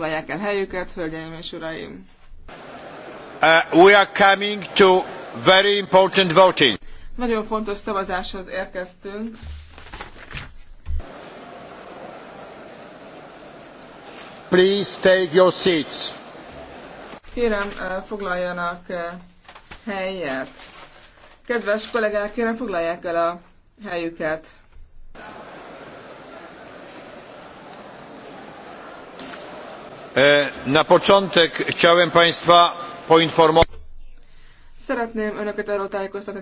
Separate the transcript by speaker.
Speaker 1: Foglalják el helyüket, hölgyeim és uraim!
Speaker 2: Uh, we are coming to very important voting.
Speaker 1: Nagyon fontos szavazáshoz érkeztünk.
Speaker 2: Please
Speaker 3: take your seats.
Speaker 4: Kérem,
Speaker 5: uh, foglaljanak uh, helyet. Kedves kollégák, kérem foglalják el a helyüket.
Speaker 6: E, na początek chciałem Państwa poinformować.
Speaker 7: Szeretném Önöket arról tájékoztatni,